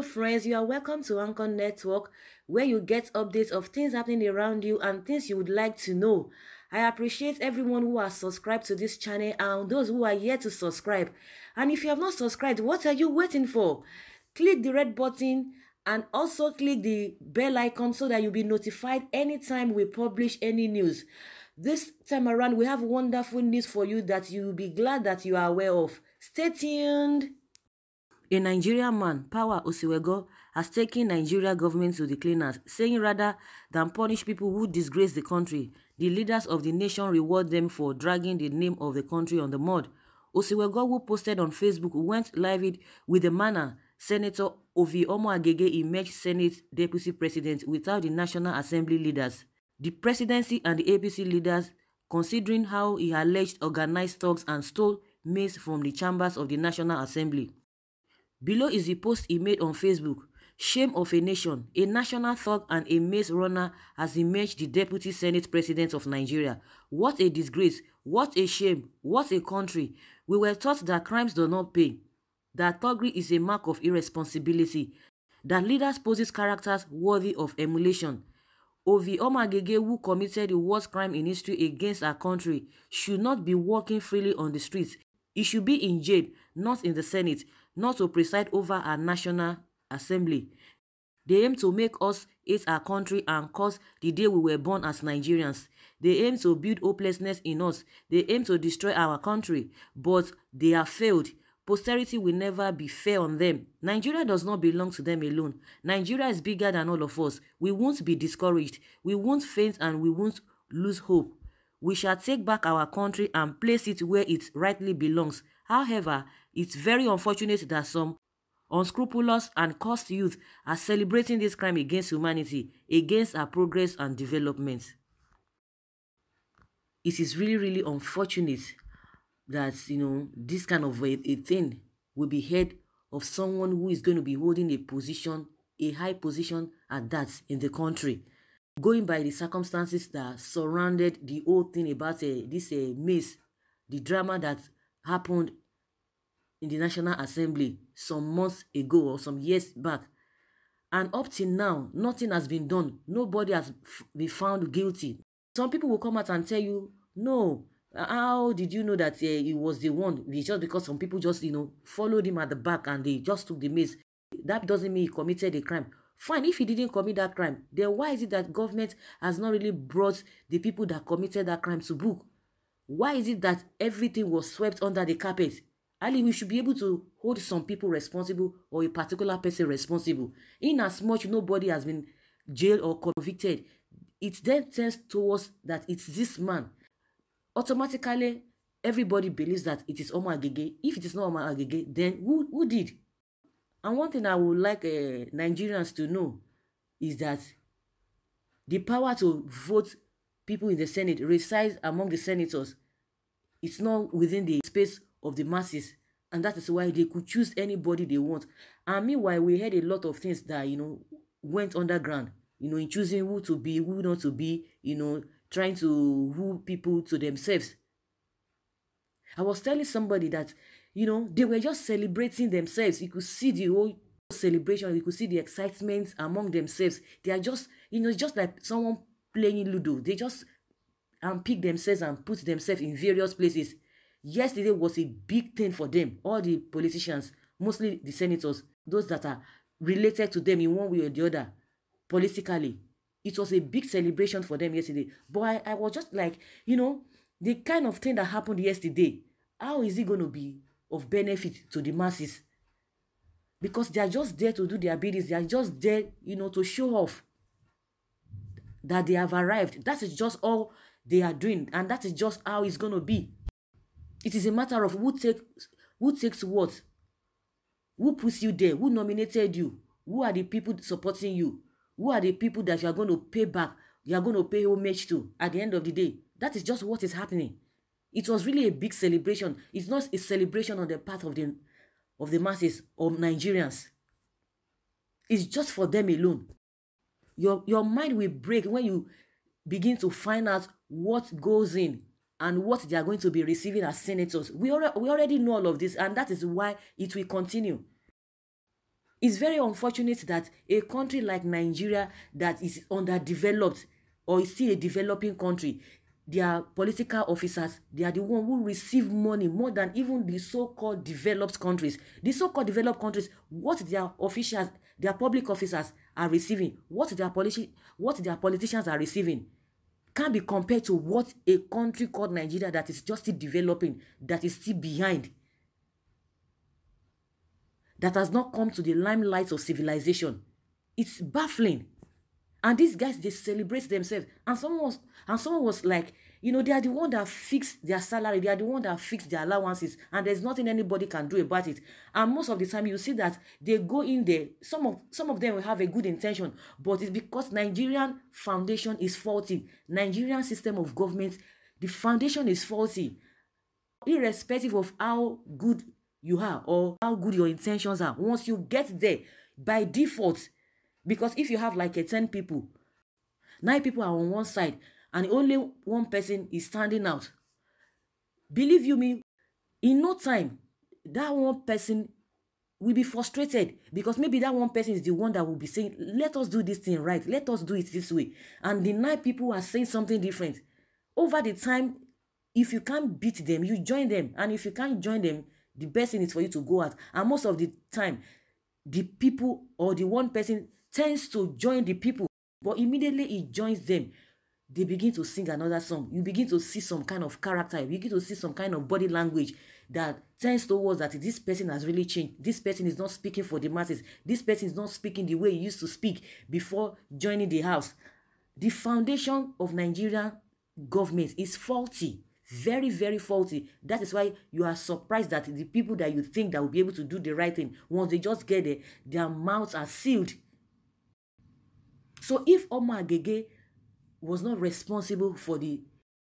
friends you are welcome to anchor network where you get updates of things happening around you and things you would like to know i appreciate everyone who has subscribed to this channel and those who are yet to subscribe and if you have not subscribed what are you waiting for click the red button and also click the bell icon so that you'll be notified anytime we publish any news. This time around, we have wonderful news for you that you'll be glad that you are aware of. Stay tuned. A Nigerian man, Power Osiwego, has taken Nigeria government to the cleaners, saying rather than punish people who disgrace the country, the leaders of the nation reward them for dragging the name of the country on the mud. Osiwego, who posted on Facebook, went live with the manner Senator Ovi Omo Agege emerged Senate Deputy President without the National Assembly leaders. The presidency and the APC leaders, considering how he alleged organized thugs and stole maize from the chambers of the National Assembly. Below is the post he made on Facebook. Shame of a nation, a national thug and a maze runner has emerged the deputy senate president of Nigeria. What a disgrace, what a shame, what a country. We were taught that crimes do not pay that thuggery is a mark of irresponsibility, that leaders possess characters worthy of emulation. Ovi Omagege, who committed the worst crime in history against our country, should not be walking freely on the streets. He should be in jail, not in the Senate, not to preside over our National Assembly. They aim to make us hate our country and curse the day we were born as Nigerians. They aim to build hopelessness in us. They aim to destroy our country, but they have failed. Posterity will never be fair on them. Nigeria does not belong to them alone. Nigeria is bigger than all of us. We won't be discouraged. We won't faint and we won't lose hope. We shall take back our country and place it where it rightly belongs. However, it's very unfortunate that some unscrupulous and cursed youth are celebrating this crime against humanity, against our progress and development. It is really, really unfortunate that you know this kind of a, a thing will be heard of someone who is going to be holding a position, a high position at that in the country. Going by the circumstances that surrounded the whole thing about uh, this uh, eh, mess, the drama that happened in the National Assembly some months ago or some years back. And up till now, nothing has been done. Nobody has been found guilty. Some people will come out and tell you, no, how did you know that uh, he was the one it's just because some people just you know followed him at the back and they just took the mace that doesn't mean he committed a crime fine if he didn't commit that crime then why is it that government has not really brought the people that committed that crime to book why is it that everything was swept under the carpet Ali, we should be able to hold some people responsible or a particular person responsible. In as much nobody has been jailed or convicted, it then turns towards that it's this man automatically everybody believes that it is Omo Agege. If it is not Omo Agege, then who, who did? And one thing I would like uh, Nigerians to know is that the power to vote people in the Senate resides among the senators. It's not within the space of the masses. And that is why they could choose anybody they want. And meanwhile, we heard a lot of things that, you know, went underground, you know, in choosing who to be, who not to be, you know, trying to woo people to themselves. I was telling somebody that, you know, they were just celebrating themselves. You could see the whole celebration, you could see the excitement among themselves. They are just, you know, just like someone playing Ludo. They just and um, pick themselves and put themselves in various places. Yesterday was a big thing for them, all the politicians, mostly the senators, those that are related to them in one way or the other, politically it was a big celebration for them yesterday but i i was just like you know the kind of thing that happened yesterday how is it going to be of benefit to the masses because they are just there to do their business they are just there you know to show off that they have arrived that is just all they are doing and that is just how it's going to be it is a matter of who takes who takes what who puts you there who nominated you who are the people supporting you Who are the people that you are going to pay back? You are going to pay homage to at the end of the day. That is just what is happening. It was really a big celebration. It's not a celebration on the part of the of the masses of Nigerians. It's just for them alone. Your your mind will break when you begin to find out what goes in and what they are going to be receiving as senators. We, al- we already know all of this, and that is why it will continue it's very unfortunate that a country like nigeria that is underdeveloped or is still a developing country their political officers they are the one who receive money more than even the so-called developed countries the so-called developed countries what their officials their public officers are receiving what their politi what their politicians are receiving can be compared to what a country called nigeria that is just still developing that is still behind that has not come to the limelight of civilization. It's baffling. And these guys, they celebrate themselves. And someone was, and someone was like, you know, they are the one that fixed their salary. They are the one that fixed their allowances. And there's nothing anybody can do about it. And most of the time, you see that they go in there. Some of some of them will have a good intention, but it's because Nigerian foundation is faulty. Nigerian system of government, the foundation is faulty. Irrespective of how good you are or how good your intentions are once you get there by default because if you have like a 10 people nine people are on one side and only one person is standing out believe you me in no time that one person will be frustrated because maybe that one person is the one that will be saying let us do this thing right let us do it this way and the nine people are saying something different over the time if you can't beat them you join them and if you can't join them the best thing is for you to go out and most of the time the people or the one person tends to join the people but immediately he joins them they begin to sing another song you begin to see some kind of character you begin to see some kind of body language that tends towards that this person has really changed this person is not speaking for the masses this person is not speaking the way he used to speak before joining the house the foundation of nigerian government is faulty very very faulty that is why you are surprised that the people that you think that will be able to do the right thing once they just get there their mouths are sealed so if Omo Agege was not responsible for the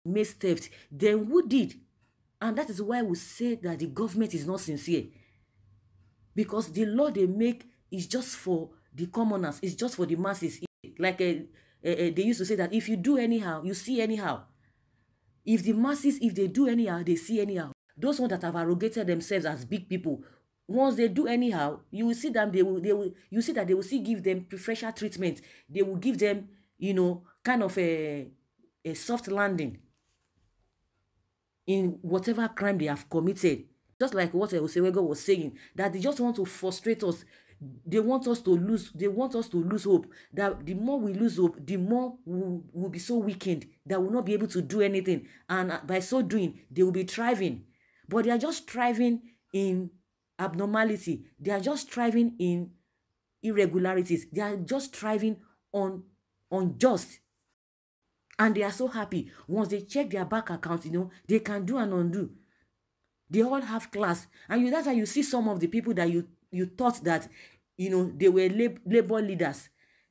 maize theft then who did and that is why we say that the government is not sincere because the law they make is just for the commoners it's just for the masses like uh, uh, they used to say that if you do anyhow you see anyhow if the masses if they do anyhow they see anyhow those ones that have arrogated themselves as big people once they do anyhow you will see them they will they will you see that they will still give them preferential treatment they will give them you know kind of a a soft landing in whatever crime they have committed just like what Osewego was saying that they just want to frustrate us they want us to lose they want us to lose hope that the more we lose hope the more we will be so weakened that we'll not be able to do anything and uh, by so doing they will be thriving but they are just thriving in abnormality they are just thriving in irregularities they are just thriving on unjust and they are so happy once they check their bank account you know they can do and undo they all have class and you that's why you see some of the people that you you thought that you know they were lab labor leaders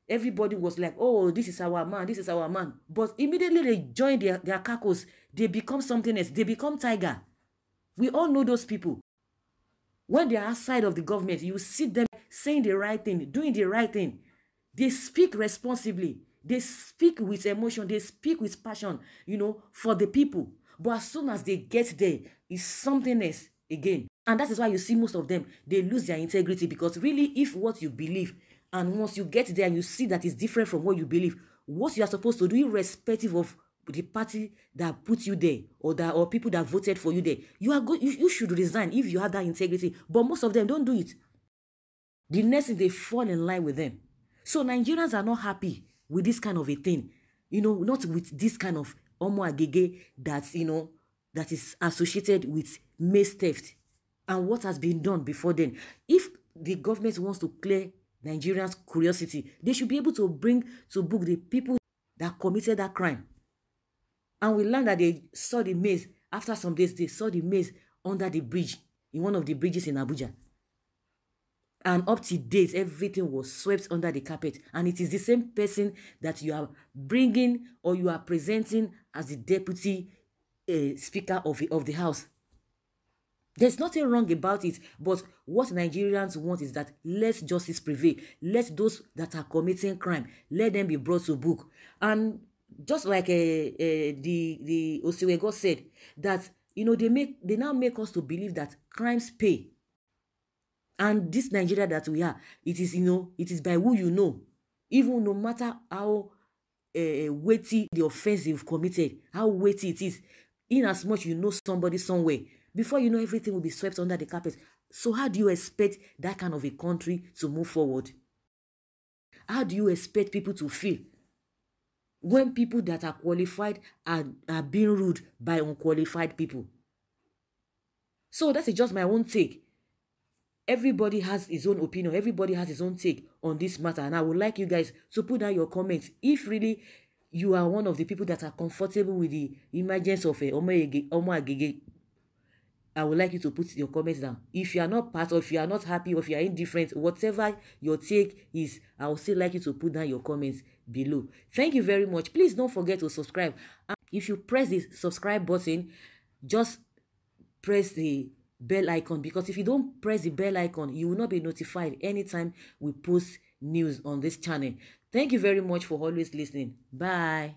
everybody was like oh this is our man this is our man but immediately they join their their cacos. they become something else they become tiger we all know those people when they are outside of the government you see them saying the right thing doing the right thing they speak responsibly they speak with emotion they speak with passion you know for the people but as soon as they get there it's something else again and that is why you see most of them they lose their integrity because really if what you believe and once you get there and you see that is different from what you believe what you are supposed to do irrespective of the party that put you there or that or people that voted for you there you are go you, you should resign if you have that integrity but most of them don't do it the next thing they fall in line with them so nigerians are not happy with this kind of a thing you know not with this kind of omo agege that you know that is associated with maize theft and what has been done before then. If the government wants to clear Nigerians' curiosity, they should be able to bring to book the people that committed that crime. And we learned that they saw the maze. After some days, they saw the maze under the bridge, in one of the bridges in Abuja. And up to date, everything was swept under the carpet. And it is the same person that you are bringing or you are presenting as the deputy uh, speaker of, the, of the house. There's nothing wrong about it, but what Nigerians want is that let justice prevail. Let those that are committing crime, let them be brought to book. And just like uh, uh, the the Osiwego said, that you know they make they now make us to believe that crimes pay. And this Nigeria that we are, it is you know it is by who you know, even no matter how uh, weighty the offense you've committed, how weighty it is, in as much you know somebody somewhere Before you know, everything will be swept under the carpet. So, how do you expect that kind of a country to move forward? How do you expect people to feel when people that are qualified are, are being ruled by unqualified people? So, that's just my own take. Everybody has his own opinion, everybody has his own take on this matter. And I would like you guys to put down your comments if really you are one of the people that are comfortable with the emergence of a eh, Omo Agege I would like you to put your comments down. If you are not part, of, if you are not happy, or if you are indifferent, whatever your take is, I would still like you to put down your comments below. Thank you very much. Please don't forget to subscribe. if you press the subscribe button, just press the bell icon because if you don't press the bell icon, you will not be notified anytime we post news on this channel. Thank you very much for always listening. Bye.